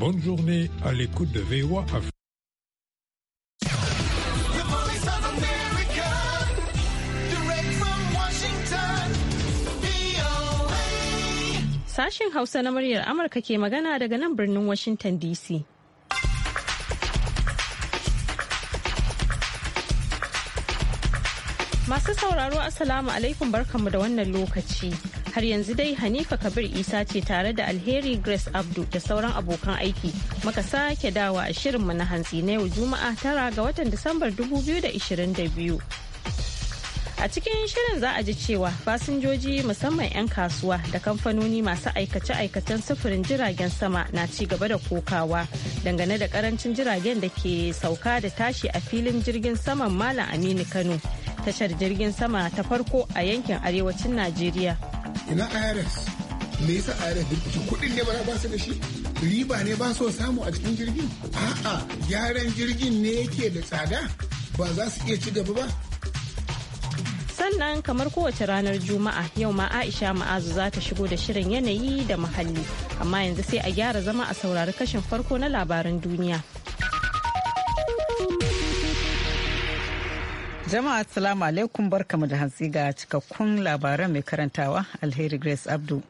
Bonne journée à l'écoute de VOA Afrique. Sashen Hausa na muryar Amurka ke magana daga nan birnin Washington DC. Masu sauraro Assalamu alaikum barkanmu da wannan lokaci. Har yanzu dai Hanifa Kabir Isa ce tare da Alheri Grace Abdu da sauran abokan aiki. Muka sake dawa a shirinmu na hantsi na yau Juma'a tara ga watan Disambar 2022. A cikin shirin za a ji cewa fasinjoji musamman 'yan kasuwa da kamfanoni masu aikace-aikacen sufurin jiragen sama na ci gaba da kokawa dangane da karancin jiragen da ke sauka da tashi a filin jirgin saman Malam Aminu Kano, tashar jirgin sama ta farko a yankin arewacin Najeriya. Ina IRS, me yasa IRS duk kuɗin ne ba ba su da shi? Riba ne ba so samu a cikin jirgin? A'a, gyaran jirgin ne yake da tsada? Ba za su iya ci gaba ba? sannan kamar kowace ranar juma'a yau ma aisha ma'azu za ta shigo da shirin yanayi da muhalli amma yanzu sai a gyara zama a saurari kashin farko na labaran duniya jama'a assalamu alaikum barkamu da hantsi ga cikakkun labaran mai karantawa alheri grace abdu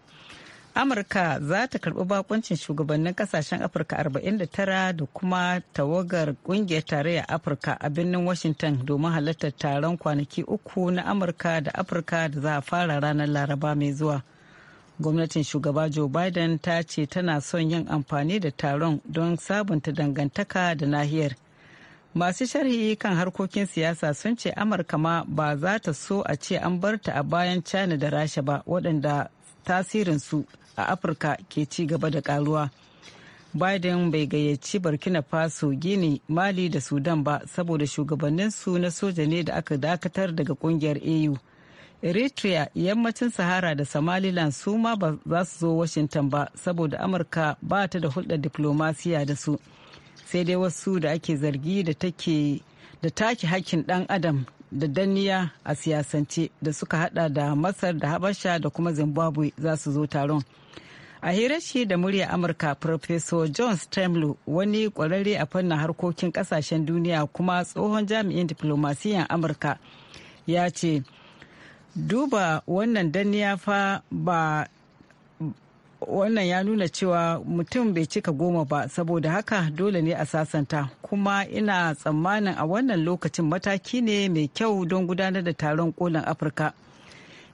amurka za ta karbi bakuncin shugabannin kasashen afirka 49 da kuma tawagar kungiyar tarayyar afirka a birnin washington domin halartar taron kwanaki uku na amurka da afirka da za a fara ranar laraba mai zuwa gwamnatin shugaba joe biden ta ce tana son yin amfani da taron don sabunta dangantaka da nahiyar masu sharhi kan harkokin siyasa sun ce amurka ma ba za ta so a ce an bar ta a bayan china da rasha ba waɗanda tasirinsu a afirka ke ci gaba da karuwa biden bai gayyaci burkina faso gini mali da sudan ba saboda shugabanninsu na soja ne da aka dakatar daga kungiyar au eritrea yammacin sahara da somaliland su ma ba za su zo washington ba saboda amurka ba ta da hulɗar diplomasiya da su sai dai wasu da ake zargi da take da take hakkin ɗan adam da danniya a siyasance da suka hada da masar da habasha da kuma zimbabwe za su zo taron a hirar shi da murya amurka professor john stemlow wani kwararre a fannin harkokin kasashen duniya kuma tsohon jami'in diplomasiyan amurka ya ce duba wannan danniya fa ba wannan ya nuna cewa mutum bai cika goma ba saboda haka dole ne a sasanta kuma ina tsammanin a wannan lokacin mataki ne mai kyau don gudanar da taron kolin afirka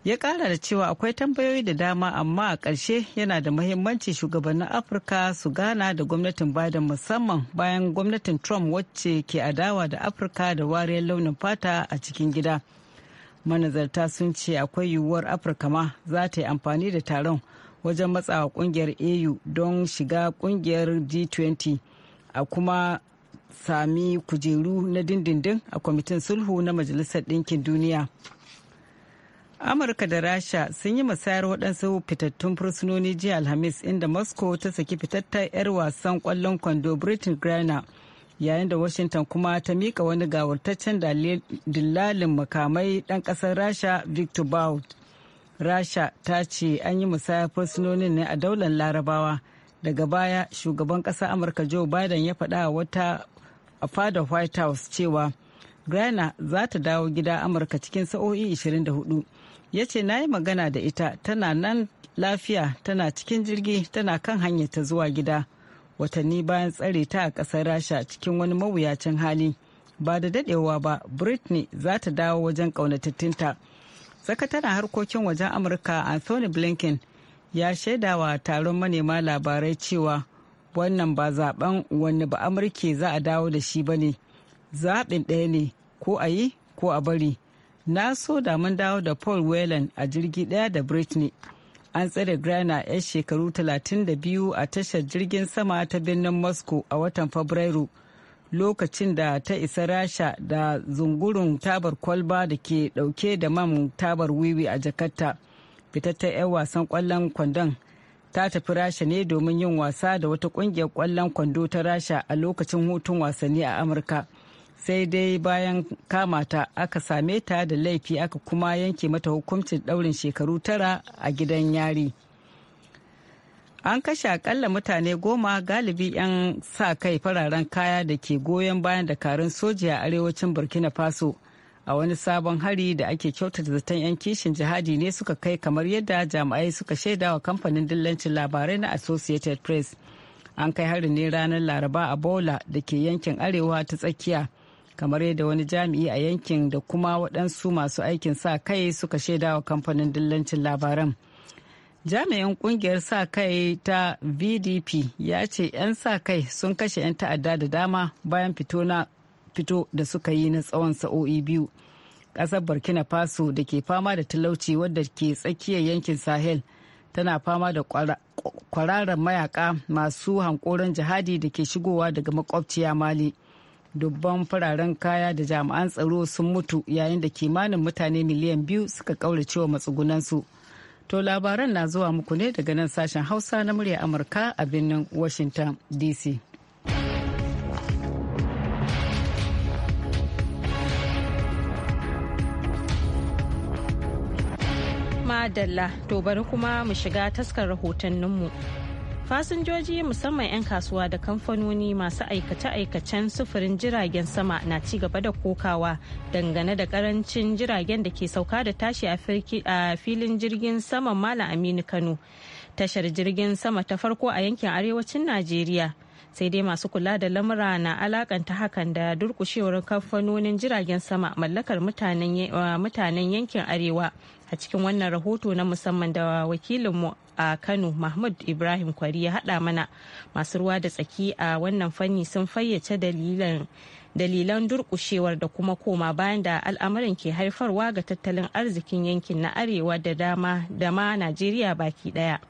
ya kara da cewa akwai tambayoyi da dama amma a ƙarshe yana da mahimmanci shugabannin afirka su gana da gwamnatin biden musamman bayan gwamnatin trump wacce ke adawa da afirka da wariyar launin fata a cikin gida manazarta sun ce akwai yiwuwar afirka ma za ta yi amfani da taron wajen matsawa kungiyar au don shiga kungiyar g20 a kuma sami kujeru na dindindin a kwamitin sulhu na majalisar ɗinkin duniya amurka da rasha sun yi musayar waɗansu fitattun fursunoni jiya alhamis inda moscow ta saki fitattar 'yar wasan ƙwallon kwando britain griner yayin da washington kuma ta mika wani gawartaccen dillalin makamai ɗan ƙasar rasha victor bout rasha ta ce an yi musayar fursunonin ne a daular larabawa daga baya shugaban kasa amurka joe biden ya faɗa wata a fada white house cewa Grana za ta dawo gida Amurka cikin sa'o'i 24. Ya ce na yi magana da ita tana nan lafiya tana cikin jirgi tana kan hanyar ta zuwa gida. Watanni bayan tsare ta a ƙasar Rasha cikin wani mawuyacin hali. Ba da daɗewa ba, Britney za ta dawo wajen ƙaunatattunta. sakataren harkokin wajen amurka anthony blinken ya shaida wa taron manema labarai cewa wannan ba zaben wani ba amurke za a dawo da shi ba ne zaɓin ɗaya ne ko a yi ko a bari na so da mun dawo da paul whelan a jirgi ɗaya da britney an tsare grana 'yar shekaru 32 a tashar jirgin sama ta birnin moscow a watan fabrairu lokacin da ta isa rasha da zungurin tabar kwalba da ke dauke da man tabar wiwi a jakarta fitattar 'yan wasan kwallon kwandon ta tafi rasha ne domin yin wasa da wata kungiyar kwallon kwando ta rasha a lokacin hutun wasanni a amurka sai dai bayan kamata aka same ta da laifi aka kuma yanke mata hukuncin daurin shekaru tara a gidan yari. an kashe akalla mutane goma galibi 'yan sa kai fararen kaya da ke goyon bayan dakarun soja a arewacin burkina faso a wani sabon hari da ake kyautata zaton 'yan kishin jihadi ne suka kai kamar yadda jami'ai suka shaida wa kamfanin dillancin labarai na associated press an kai harin ne ranar laraba a bola da ke yankin arewa ta tsakiya kamar yadda wani jami'i a yankin da kuma waɗansu masu aikin sa kai suka shaida wa kamfanin dillancin labaran jami'in kungiyar sa kai ta vdp ya ce 'yan sa kai sun kashe 'yan ta'adda da dama bayan fito da suka yi na tsawon sa'o'i biyu ƙasar burkina faso da ke fama da talauci wadda ke tsakiyar yankin sahel tana fama da kwararren mayaka masu hankoron jihadi da ke shigowa daga makwabciya mali dubban fararen kaya da jami'an tsaro sun mutu yayin da kimanin mutane miliyan biyu suka kaurace wa matsugunansu To labaran na zuwa muku ne daga nan sashen Hausa na murya Amurka a birnin Washington DC. Madalla, to bari kuma mu shiga taskar rahotanninmu. fasinjoji musamman 'yan kasuwa da kamfanoni masu aikace-aikacen sufurin jiragen sama na ci gaba da kokawa dangane da karancin jiragen da ke sauka da tashi a filin jirgin saman malam aminu kano tashar jirgin sama ta farko a yankin arewacin najeriya sai dai masu kula da lamura na alakanta hakan da durkushewar kamfanonin jiragen sama mallakar uh, mutanen yankin arewa a cikin wannan rahoto na musamman da wakilinmu a kano mahmud ibrahim kwari ya haɗa mana masu ruwa da tsaki a wannan fanni sun fayyace dalilan dalilan durkushewar da kuma koma bayan da al'amarin ke haifarwa ga tattalin arzikin yankin na arewa da dama da ma najeriya baki ɗaya.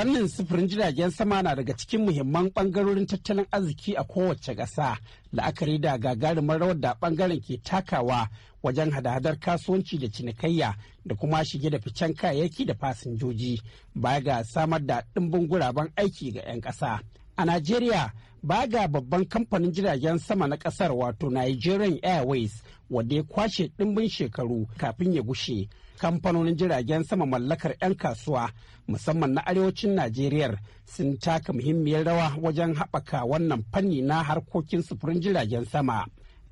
Fannin sufurin jiragen sama na daga cikin muhimman bangarorin tattalin arziki a kowace ƙasa, la'akari da gagarumin rawar da bangaren ke takawa wajen hada-hadar kasuwanci da cinikayya da kuma shige da ficen kayayyaki da fasinjoji, baya ga samar da ɗimbin guraben aiki ga 'yan ƙasa. A Najeriya, ba ga babban kamfanin jiragen sama na kasar wato Nigerian Airways wadda ya kwashe ɗimbin shekaru kafin ya gushe. Kamfanonin jiragen sama mallakar 'yan kasuwa musamman na arewacin Najeriya sun taka muhimmiyar rawa wajen haɓaka wannan fanni na harkokin sufurin jiragen sama.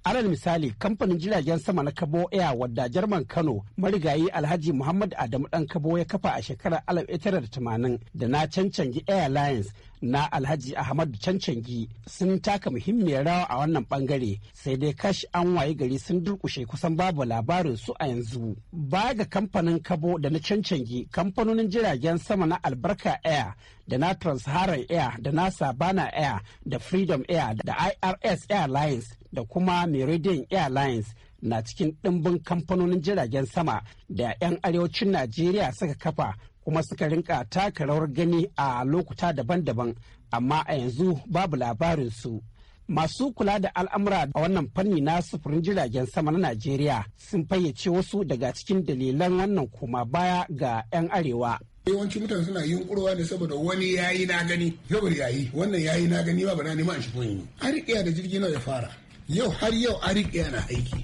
alal misali kamfanin jiragen sama na kabo air wadda jarman kano marigayi alhaji muhammad adamu dan kabo ya kafa a shekarar 1980 da na cancanci airlines na Alhaji Ahmadu Cancangi sun taka muhimmiyar rawa a wannan bangare sai dai kashi an waye gari sun durkushe kusan babu labarin su a yanzu. Baya ga kamfanin Kabo da na Cancangi kamfanonin jiragen sama na Albarka Air da na Transharan Air da na Sabana Air da Freedom Air da IRS Airlines da kuma Meridian Airlines na cikin ɗimbin kamfanonin jiragen sama da 'yan arewacin Najeriya suka kafa kuma suka rinka taka rawar gani a lokuta daban-daban amma a yanzu babu labarinsu. Masu kula da al'amura a wannan fanni na sufurin jiragen sama na Najeriya sun fayyace wasu daga cikin dalilan wannan koma baya ga 'yan arewa. yawancin mutane suna yin kurwa ne saboda wani yayi na gani yawar yayi wannan yayi na gani ba bana neman shi koyi ariƙiya da jirgi nawa ya fara yau har yau ariƙiya na aiki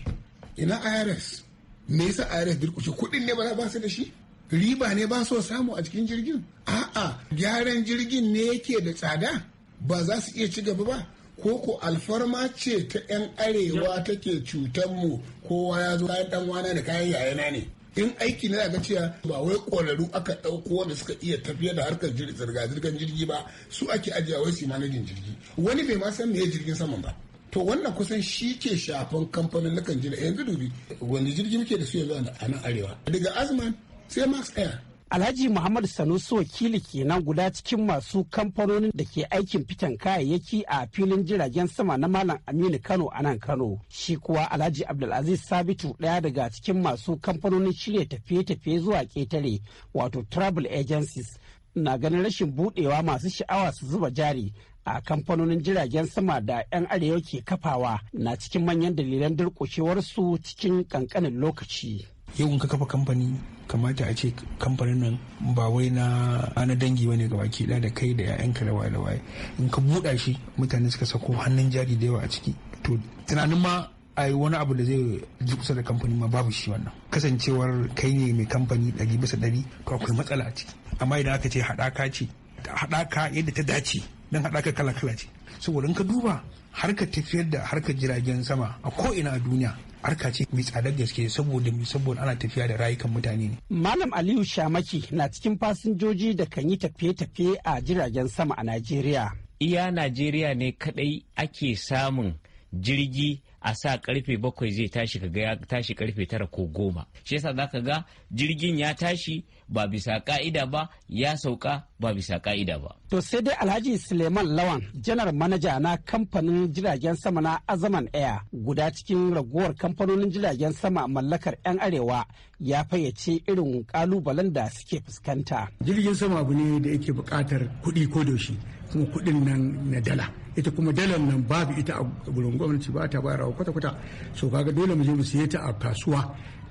ina irs me yasa irs durkushe kuɗin ne ba za ba su da shi riba ne ba so samu a cikin jirgin a'a gyaran jirgin ne yake da tsada ba za su iya ci gaba ba ko ko alfarma ce ta 'yan arewa take cutar mu kowa ya zo kayan dan wana da kayan yayana ne in aiki na ga cewa ba wai ƙwararru aka ɗauko wanda suka iya tafiya da harkar zirga-zirgar jirgi ba su ake ajiya wai su manajin jirgi wani bai ma san meye jirgin saman ba to wannan kusan shi ke shafan kamfanin lakan jira yanzu dubi wani jirgi muke da su yanzu a nan arewa daga azman sai max air Alhaji Muhammadu Sanusi wakili kenan guda cikin masu kamfanonin da ke aikin fitan kayayyaki a filin jiragen sama na Malam Aminu Kano a nan Kano. Shi kuwa Alhaji Abdulaziz Sabitu ɗaya daga cikin masu kamfanonin shirya tafiye-tafiye zuwa ƙetare wato travel agencies na ganin rashin budewa masu sha'awa su zuba jari a kamfanonin jiragen sama da 'yan arewa ke kafawa na cikin manyan dalilan durƙushewarsu cikin ƙanƙanin lokaci. yau in ka kafa kamfani kamata a ce kamfanin nan ba wai na ana dangi bane ga baki da kai da ka da waye da waye in ka buɗa shi mutane suka sako hannun jari da yawa a ciki to tunanin ma a yi wani abu da zai ji kusa da kamfani ma babu shi wannan kasancewar kai ne mai kamfani ɗari bisa ɗari to akwai matsala a ciki amma idan aka ce haɗaka ce haɗaka yadda ta dace don haɗaka kala kala ce saboda in ka duba harkar tafiyar da harkar jiragen sama a ko'ina a duniya harka ce mai tsadar gaske saboda saboda ana tafiya da rayukan mutane ne. Malam Aliyu Shamaki na cikin fasinjoji da kan yi tafiye-tafiye a jiragen sama a Najeriya. Iya Najeriya ne kadai ake samun jirgi a sa karfe bakwai zai tashi kaga ya tashi karfe tara ko goma shi yasa zaka ga jirgin ya tashi ba bisa ka'ida ba ya sauka ba bisa ka'ida ba to sai dai alhaji suleiman lawan janar manaja na kamfanin jiragen sama na azaman air guda cikin ragowar kamfanonin jiragen sama mallakar yan arewa ya fayyace irin kalubalen da suke fuskanta jirgin sama abu ne da yake buƙatar kuɗi ko doshi kuma kuɗin nan na dala ita kuma dalar nan babu ita a gurin gwamnati ba ta bayarwa kwata-kwata so kaga dole mu je mu siye ta a kasuwa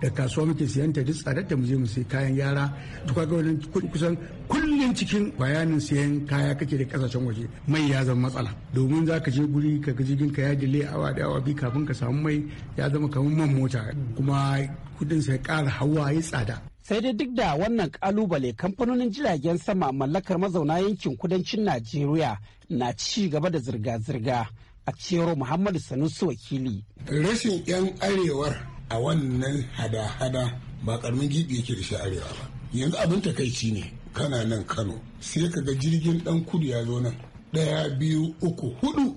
da kasuwa muke siyan ta duk tsadar da mu je mu siya kayan yara to kaga wannan kusan kullun cikin bayanin siyan kaya kake da kasashen waje mai ya zama matsala domin zaka je guri ka ga jirgin ka ya dile awa da awa bi kafin ka samu mai ya zama kamar man mota kuma kudin sai ƙara hawa ya tsada sai dai duk da wannan kalubale kamfanonin jiragen sama mallakar mazauna yankin kudancin najeriya na ci gaba da zirga-zirga a cewar muhammadu sanusi wakili rashin 'yan arewar a wannan hada-hada ba karamin gibi yake da shi arewa ba yanzu abin takaici ne kana nan kano sai ka ga jirgin dan kudu ya zo nan daya biyu uku hudu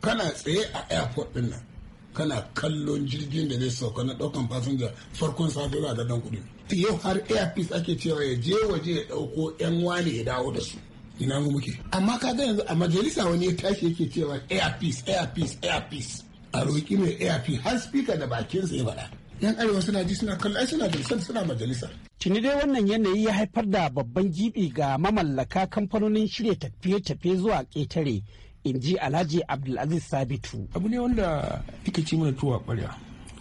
kana tsaye a airport din nan kana kallon jirgin da zai sauka na daukan fasinja farkon safe ba ga dan kudi yau har airpeace ake cewa ya je waje ya dauko yan wani ya dawo da su ina mu muke amma ga yanzu a majalisa wani ya tashi yake cewa airpeace airpeace airpeace a roƙi mai airpeace har speaker da bakinsa ya bada yan arewa suna ji suna kallo ai suna jalisar suna majalisa. Tuni dai wannan yanayi ya haifar da babban gibi ga mamallaka kamfanonin shirya tafiye-tafiye zuwa ƙetare in ji alhaji abdulaziz sabitu abu ne wanda ika ci mana tuwa kwarya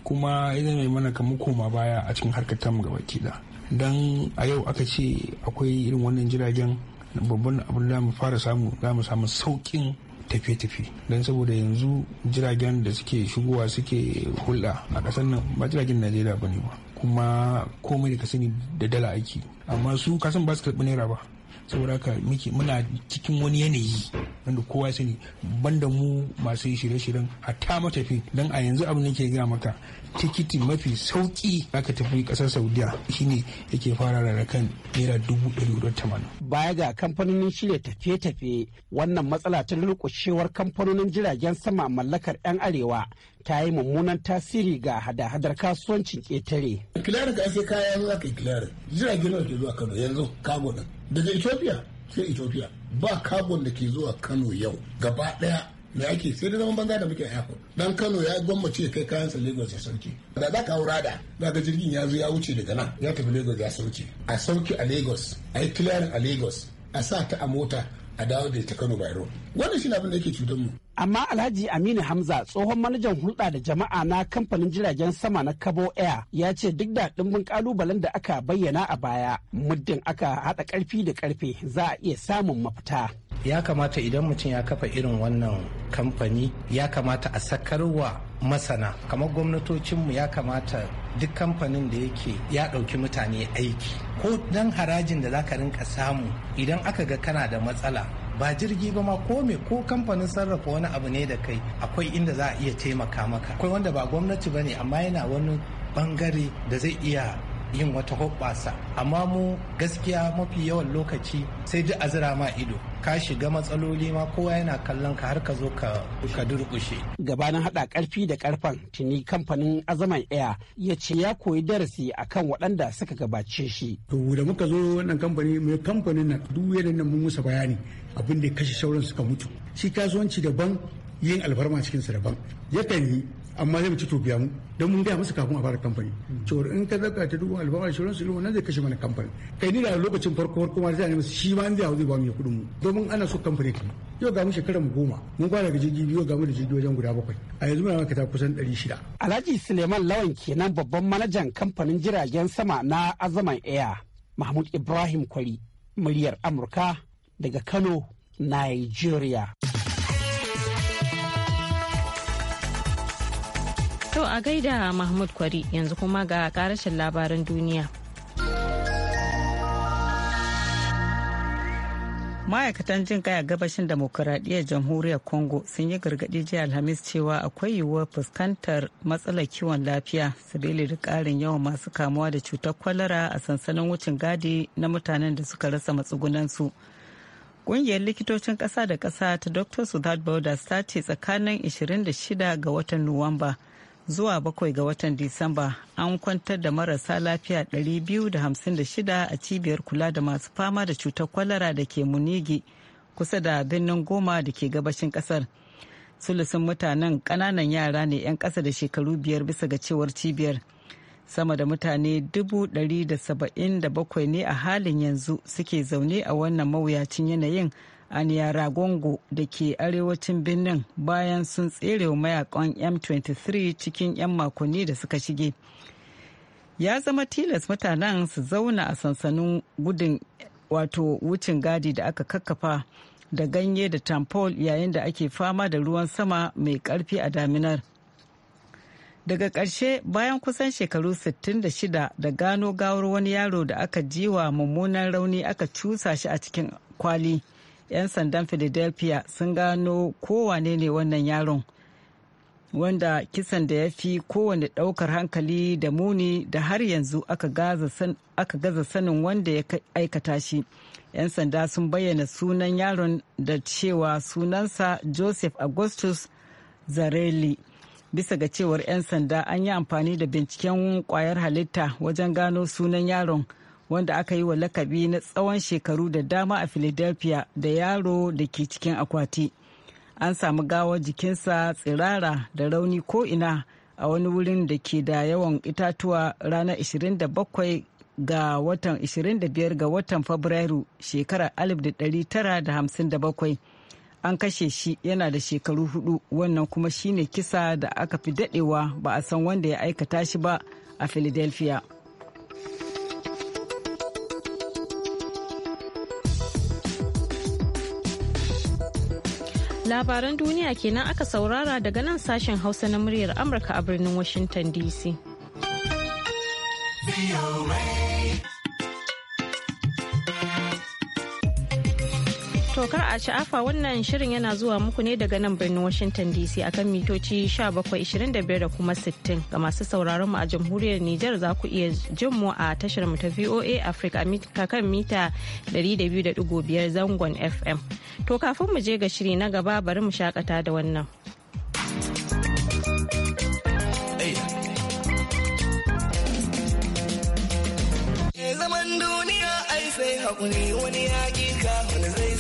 kuma ya zama mana kamar koma baya a cikin harkar ga baki da don a yau aka ce akwai irin wannan jiragen babban abin da mu fara samu za mu samu saukin tafiye-tafiye don saboda yanzu jiragen da suke shigowa suke hulɗa a ƙasar nan ba jiragen najeriya ba ne ba kuma komai da ka sani da dala aiki amma su kasan ba su karɓi naira ba saboda muke muna cikin wani yanayi wanda kowa sani banda mu masu shirye-shiryen hatta matafi don a yanzu abin da ke gaya maka tikiti mafi sauki aka tafi kasar saudiya shine yake fara rarrakan kan naira dubu ɗari tamanin. baya ga kamfanonin shirya tafiye-tafiye wannan matsala ta lulkushewar kamfanonin jiragen sama mallakar 'yan arewa ta yi mummunan tasiri ga hada-hadar kasuwancin ƙetare. Kilarin ka ake kaya za aka yi kilarin. jiragen da ke zuwa Kano yanzu kago Daga Ethiopia sai Ethiopia ba kagon da ke zuwa Kano yau gaba ɗaya me ake sai da zaman banza da muke airport dan Kano ya gwammace kai kayan sa Lagos ya sauke da za ka haura da daga jirgin ya zo ya wuce daga nan ya tafi Lagos ya sauke a sauke a Lagos a yi clearing a Lagos a sa ta a mota a dawo da ta Kano Bayero wannan shi abin da yake cutar mu amma alhaji aminu hamza tsohon manajan hulɗa da jama'a na kamfanin jiragen sama na kabo air ya ce duk da ɗimbin kalubalen da aka bayyana a baya muddin aka haɗa ƙarfi da ƙarfe za a iya samun mafita ya kamata idan mutum ya kafa irin wannan kamfani ya kamata a sakarwa masana kamar gwamnatocinmu ya kamata duk kamfanin da yake ya ɗauki mutane aiki ko dan harajin da za ka rinka samu idan aka ga kana da matsala ba jirgi ba ma ko me ko kamfanin sarrafa wani abu ne da kai akwai inda za a iya taimaka maka akwai wanda ba gwamnati ba ne amma yana wani bangare da zai iya yin wata hoɓɓasa amma mu gaskiya mafi yawan lokaci sai duk azira ma ido ka shiga matsaloli ma kowa yana kallon ka har ka zo ka durƙushe. gabanin haɗa ƙarfi da ƙarfen tuni kamfanin azaman air ya ce ya koyi darasi akan waɗanda suka gabace shi to da muka zo wannan kamfani mai kamfanin na duk yadda nan mun musa bayani abin da ya kashe sauran suka mutu shi kasuwanci daban yin albarma cikin su daban yakan yi amma zai mutu to biya mu don mun gaya masa kafin a fara kamfani cewar in ka zaka ta dubu alfarma insurance ilu wannan zai kashe mana kamfani kai ni da lokacin farko farko ma zai nemi shi ma zai hau zai ba mu ya kudin mu domin ana so kamfani ta yau ga mu shekara mu goma mun kwana daga jirgi biyu ga mu da jirgi wajen guda bakwai a yanzu muna maka ta kusan ɗari shida. Alhaji Suleiman Lawan kenan babban manajan kamfanin jiragen sama na Azaman Air Mahmud Ibrahim Kwari muryar Amurka daga Kano, Nigeria. To a gaida Mahmud Kwari yanzu kuma ga karashin labaran duniya. ma'aikatan jin kaya gabashin demokuraɗiyyar jamhuriyar congo sun yi gargaɗi jiya alhamis cewa akwai yiwuwar fuskantar matsalar kiwon lafiya sabili da ƙarin yawan masu kamuwa da cutar kwalara a sansanin wucin gadi na mutanen da suka rasa matsugunansu Ƙungiyar likitocin ƙasa da ƙasa ta Dr. Without Bauda ta ce tsakanin 26 ga watan Nuwamba zuwa 7 ga watan Disamba an kwantar da marasa lafiya 256 a cibiyar kula da masu fama da cutar kwalara da ke Munigi kusa da birnin Goma da ke gabashin ƙasar. Sulusun mutanen ƙananan yara ne 'yan ƙasa da shekaru biyar bisa ga cewar cibiyar. sama da mutane 177 ne a halin yanzu suke zaune a wannan mawuyacin yanayin a Niyaragongo da ke arewacin birnin bayan sun tserewa mayakan M23 cikin 'yan makonni da suka shige. Ya zama tilas mutanen su zauna a sansanin gudun wato wucin gadi da aka kakkafa da ganye da tampol yayin da ake fama da ruwan sama mai karfi a daminar. daga ƙarshe bayan kusan shekaru 66 da gano gawar wani yaro da aka jiwa mummunan rauni aka cusa shi a cikin kwali 'yan sandan philadelphia sun gano kowane ne wannan yaron wanda kisan da ya fi kowane ɗaukar hankali da muni da har yanzu aka gaza sanin wanda ya aikata shi 'yan sanda sun bayyana sunan yaron da cewa sunansa joseph augustus zarelli bisa ga cewar 'yan sanda an yi amfani da binciken kwayar halitta wajen gano sunan yaron wanda aka yi wa lakabi na tsawon shekaru da dama a philadelphia da yaro da ke cikin akwati an samu gawar jikinsa tsirara da rauni ko'ina a wani wurin da ke da yawan itatuwa ranar 27 ga watan 25 ga watan fabrairu shekarar 1957 an kashe shi yana da shekaru hudu wannan kuma shine kisa da aka fi dadewa ba a san wanda ya aikata shi ba a philadelphia labaran duniya kenan aka saurara daga nan sashen hausa na muryar amurka a birnin washington dc To kar a sha'afa wannan shirin yana zuwa muku ne daga nan birnin Washington DC akan mitoci 1725 da kuma 60 ga masu sauraron mu a jamhuriyar Nijar za ku iya jin mu a tashar mu ta VOA Africa a kan mita 200.5 zangon FM. To kafin mu je ga shiri na gaba bari mu shakata da wannan. Zaman duniya ai sai haƙuri wani yaƙi kafin zai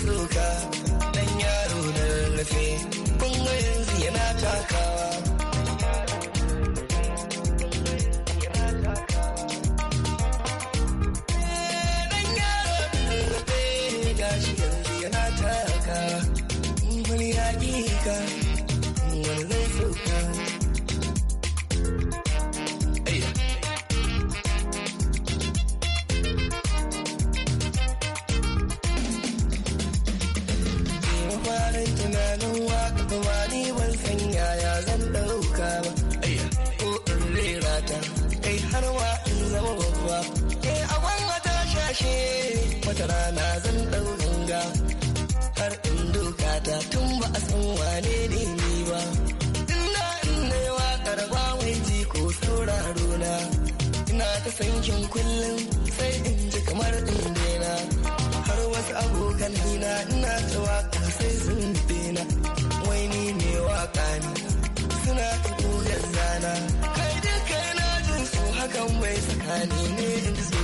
Sankin kullum sai in ji kamar in daina. Har wasu abokan nina ina ta waka sai sun daina. Wai ni mai waka ne suna ta kogar zana. Kai duka na jin su hakan wai tsakani ne in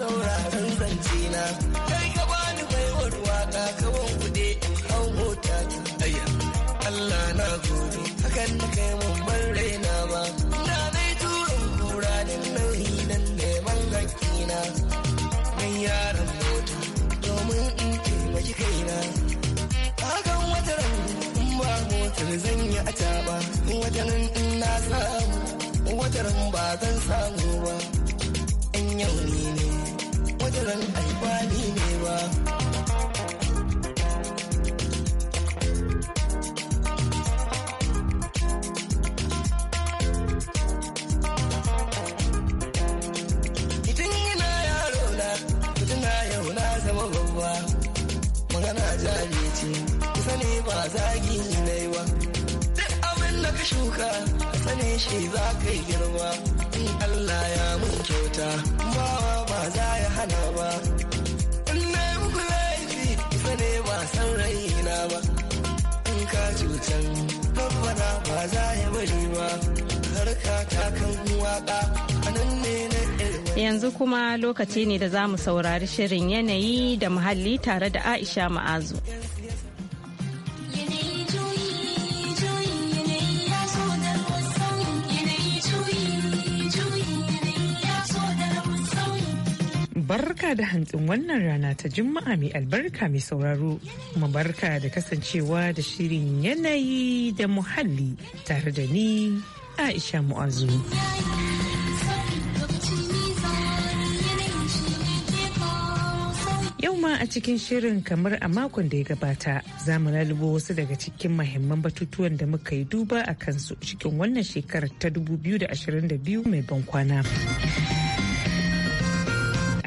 sauraron zance na kai ka bani baiwar waka ka wankuɗe in hau mota ta Allah na gode hakan na kai mun raina ma na dai turin kura da nauyi nan neman hakkina mai yaran mota domin in taimaki kaina hakan wata ran in ba motar zan yi a taɓa wata nan in na samu wata ran ba zan samu jiran aibani ne ba Itin yana yaro na, fitina yau na zama babba, magana jari ce, kusa ne ba zagi ne ba. Duk abin da ka shuka, sane shi za ka yi girma. Yanzu kuma lokaci ne da za mu saurari shirin yanayi da muhalli tare da Aisha Ma'azu. barka da hantsin wannan rana ta juma'a mai albarka mai sauraro mu barka da kasancewa da shirin yanayi da muhalli tare da ni Aisha Mu'azu. Yau ma a cikin shirin kamar a makon da ya gabata za mu lalubo wasu daga cikin mahimman batutuwan da muka yi duba a kansu cikin wannan shekarar ta 2022 mai ban kwana.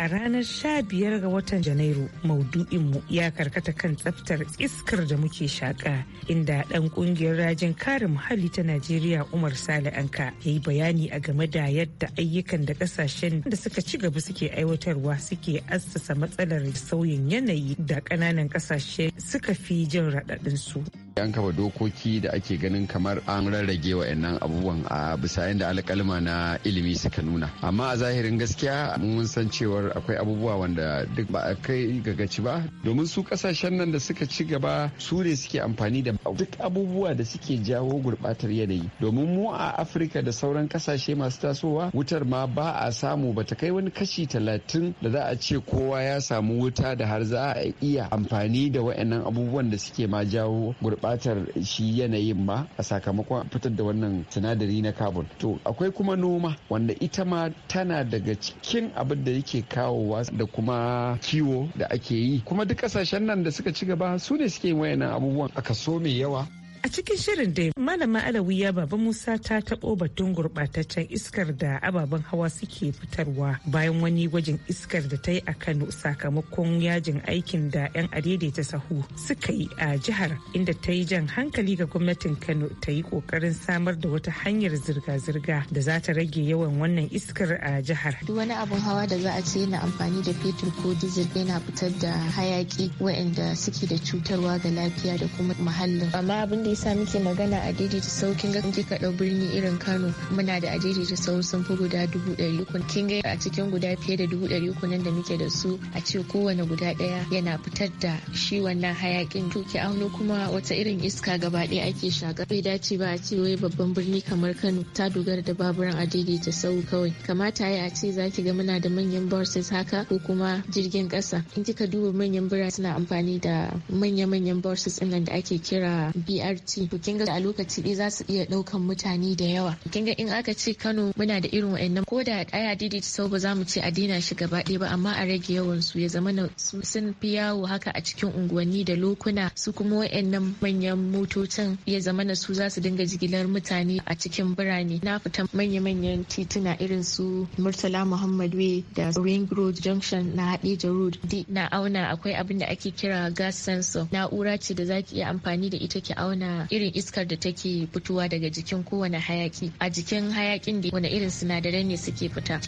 a ranar sha biyar ga watan Janairu maudu'inmu ya karkata kan tsaftar iskar da muke shaƙa inda ɗan ƙungiyar rajin kare muhalli ta Najeriya Umar Sale Anka ya yi bayani a game da yadda ayyukan da kasashen da suka ci gaba suke aiwatarwa suke assasa matsalar sauyin yanayi da ƙananan ƙasashe suka fi jin raɗaɗinsu. su. an kafa dokoki da ake ganin kamar an rarrage wa'annan abubuwan a bisa yadda alƙalma na ilimi suka nuna amma a zahirin gaskiya mun san cewar akwai abubuwa wanda duk ba a kai gagaci ba domin su kasashen nan da suka ci gaba su ne suke amfani da duk abubuwa da suke jawo gurbatar yanayi domin mu a afirka da sauran kasashe masu tasowa wutar ma ba a samu ba ta kai wani kashi talatin da za a ce kowa ya samu wuta da har za a iya amfani da wa'annan abubuwan da suke ma jawo gurbatar gurbatar shi yanayin ma a sakamakon fitar da wannan sinadari na carbon to akwai kuma noma wanda ita ma tana daga cikin abin da yake kawowa da kuma kiwo da ake yi kuma duk kasashen nan da suka ci gaba su ne suke yin wayannan abubuwan a kaso mai yawa A cikin shirin dai malama Alawiya Baba Musa ta taɓo batun gurɓataccen iskar da ababen hawa suke fitarwa bayan wani gwajin iskar da ta yi a Kano sakamakon yajin aikin da 'yan ta sahu suka yi a jihar inda ta yi jan hankali ga gwamnatin Kano ta yi ƙoƙarin samar da wata hanyar zirga-zirga da za ta rage yawan wannan iskar a jihar. Duk wani abun hawa da za a ce yana amfani da fetur ko dizil yana fitar da hayaki waɗanda suke da cutarwa ga lafiya da kuma muhallin. Amma abin da yasa muke magana a daidaita sau kin ga kika dau birni irin Kano muna da a daidaita sau sun fi guda dubu ɗari uku kin ga a cikin guda fiye da dubu ɗari uku nan da muke da su a ce kowane guda ɗaya yana fitar da shi wannan hayakin to ki auno kuma wata irin iska gaba ɗaya ake shaka bai dace ba a ce wai babban birni kamar Kano ta dogara da baburan a daidaita sau kawai kamata ya a ce zaki ga muna da manyan buses haka ko kuma jirgin ƙasa in kika duba manyan birane suna amfani da manya-manyan buses ɗin da ake kira BRT barci to kin ga a lokaci ɗaya za su iya ɗaukan mutane da yawa kin ga in aka ce Kano muna da irin wa'annan ko da aya didi sau ba za mu ce a dina shi gaba ɗaya ba amma a rage yawan su ya zama na su sun fi yawo haka a cikin unguwanni da lokuna su kuma wayannan manyan motocin ya zama na su za su dinga jigilar mutane a cikin birane na fita manya-manyan tituna irin su Murtala Muhammad Way da Ring Road Junction na Hadeja Road na auna akwai abin da ake kira gas sensor na'ura ce da zaki iya amfani da ita ki auna irin iskar da take fitowa daga jikin kowane hayaki a jikin hayakin da wani irin sinadarai ne suke fita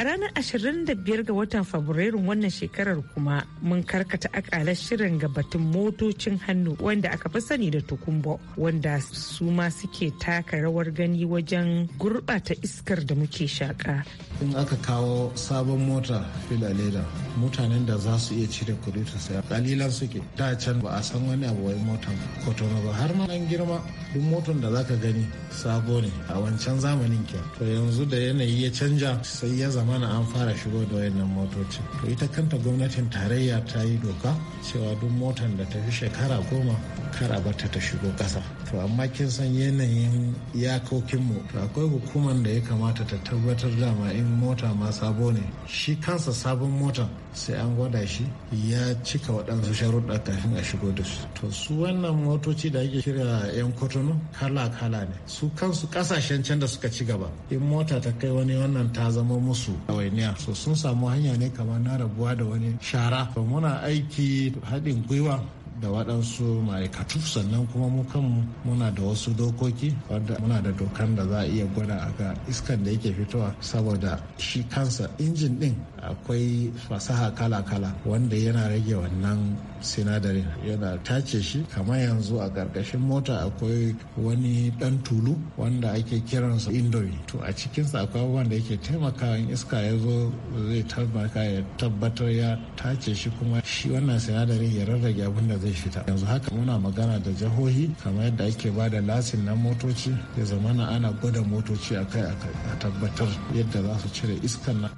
A ranar 25 ga watan fabrairu wannan shekarar kuma mun karkata akalar shirin ga batun motocin hannu wanda aka fi sani da tukumbo wanda su ma suke taka rawar gani wajen gurɓata iskar da muke shaka. in aka kawo sabon mota fila leda mutanen da za su iya cire kuɗi su saya kalilan suke da can ba a san wani abu wai motan kotona ba har ma an girma duk motan da zaka gani sabo ne a wancan zamanin ke to yanzu da yanayi ya canja sai ya zamana an fara shigo da wayannan motoci to ita kanta gwamnatin tarayya ta yi doka cewa duk motan da tafi shekara goma kar a barta ta shigo kasa to amma kin san yanayin iyakokinmu to akwai hukumar da ya kamata ta tabbatar dama in mota ma sabo ne shi kansa sabon motan sai an gwada shi ya cika waɗansu sharuɗa kafin a shigo da su to su wannan motoci da ake kira yan kotunu kala kala ne su kansu ƙasashen can da suka ci gaba in mota ta kai wani wannan ta zama musu awainiya so sun samu hanya ne kamar na rabuwa da wani shara to muna aiki haɗin gwiwa da waɗansu ma'aikatu sannan kuma mu kanmu muna da wasu dokoki wadda muna da dokan da za a iya gwada a ga iskan da yake fitowa saboda shi kansa injin ɗin akwai fasaha kala-kala wanda yana rage wannan sinadarin yana tace shi kamar yanzu a ƙarƙashin mota akwai wani ɗan tulu wanda ake kiransa indomi to a cikinsa akwai abubuwan da yake taimakawa in iska ya zo zai taimaka ya tabbatar ya tace shi kuma shi wannan sinadarin ya rarrage abin da zai fita yanzu haka muna magana da jihohi kamar yadda ake ba da lasin na motoci ya zamana ana gwada motoci akai-akai a tabbatar yadda za su cire iskan nan.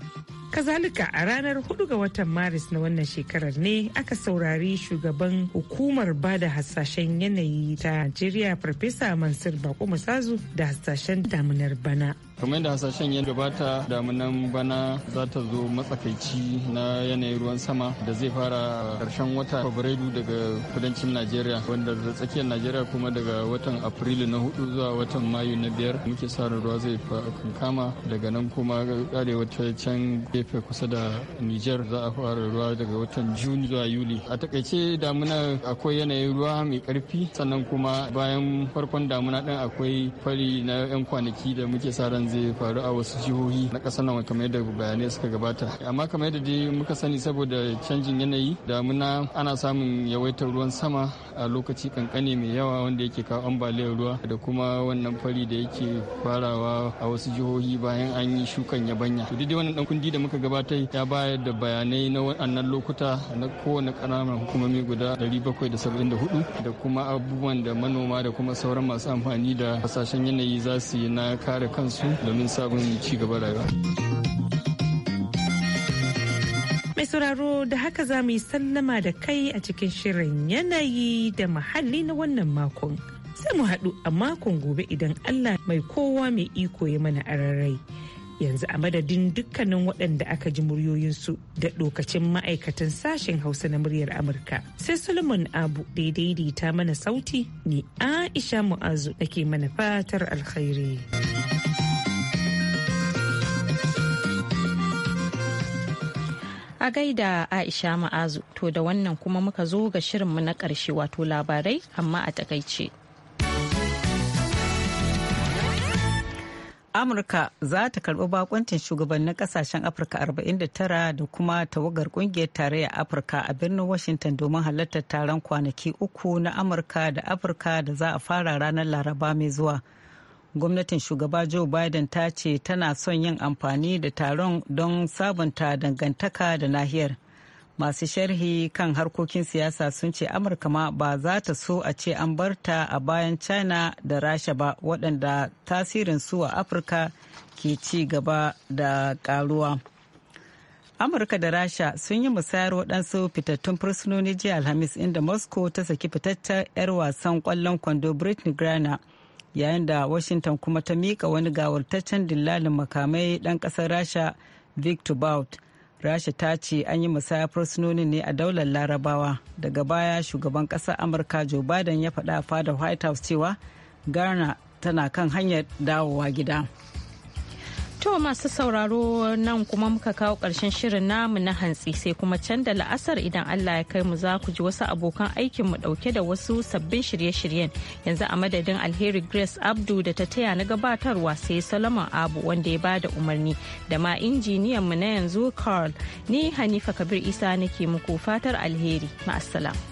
Kazalika a ranar 4 ga watan Maris na wannan shekarar ne aka saurari shugaban hukumar ba da hasashen yanayi ta Najeriya Farfesa Mansur Bako Musazu da hasashen damunar bana. kamar yadda hasashen ya gabata damunan bana za ta zo matsakaici na yanayin ruwan sama da zai fara karshen wata fabrairu daga kudancin najeriya wanda da tsakiyar najeriya kuma daga watan afrilu na hudu zuwa watan mayu na biyar muke sa ruwa zai kankama daga nan kuma kare wata can gefe kusa da niger za a fara ruwa daga watan juni zuwa yuli a takaice damuna akwai yanayin ruwa mai karfi sannan kuma bayan farkon damuna din akwai fari na yan kwanaki da muke sa ran zai faru a wasu jihohi na kasar nan kamar yadda bayanai suka gabata amma kamar yadda dai muka sani saboda canjin yanayi damuna ana samun yawaitar ruwan sama a lokaci kankane mai yawa wanda yake kawo ambaliyar ruwa da kuma wannan fari da yake farawa a wasu jihohi bayan an yi shukan yabanya to dai wannan dan kundi da muka gabata ya bayar da bayanai na wannan lokuta na kowane ƙananan hukumomi guda 774 da kuma abubuwan da manoma da kuma sauran masu amfani da hasashen yanayi za su yi na kare kansu domin sabon ci gaba rayuwa. Mai sauraro da haka za mu yi sallama da kai a cikin shirin yanayi da muhalli na wannan makon. Sai mu haɗu a makon gobe idan Allah mai kowa mai iko ya mana ararai. Yanzu a madadin dukkanin waɗanda aka ji muryoyinsu da ɗokacin ma'aikatan sashen Hausa na muryar Amurka. Sai Solomon Abu daidai ta mana sauti ni Aisha Mu'azu nake mana fatar alkhairi. A gaida Aisha Ma'azu to da wannan kuma muka zo ga shirinmu na ƙarshe wato labarai amma a takaice. Amurka za ta karbi bakuncin shugabannin kasashen Afirka 49 da kuma tawagar kungiyar tarayyar Afirka a birnin Washington domin halartar taron kwanaki uku na Amurka da Afirka da za a fara ranar Laraba mai zuwa. gwamnatin shugaba joe biden ta ce tana son yin amfani da taron don sabunta dangantaka da nahiyar masu sharhi kan harkokin siyasa sun ce amurka ma ba za ta so a ce an barta a bayan china da rasha ba waɗanda tasirin su a afirka ke ci gaba da karuwa amurka da rasha sun yi musayar waɗansu fitattun fursunoni jiya alhamis inda moscow ta saki fitattar 'yar wasan kwallon kwando britney griner yayin da washington kuma ta mika wani gawartaccen dillalin makamai ɗan ƙasar rasha victor bout rasha ta ce an yi musaya fursunonin ne a daular larabawa daga baya shugaban ƙasar amurka joe biden ya faɗa a fadar white house cewa ghana tana kan hanyar dawowa gida. To masu sauraro nan kuma muka kawo ƙarshen shirin namu na hantsi sai kuma can da la'asar idan Allah ya kai mu za ku ji wasu abokan aikin mu ɗauke da wasu sabbin shirye-shiryen yanzu a madadin alheri Grace Abdu da ta taya na gabatarwa sai Solomon Abu wanda ya bada umarni da ma injiniyan mu na yanzu Carl ni Hanifa Kabir Isa nake muku fatar alheri ma'assalam.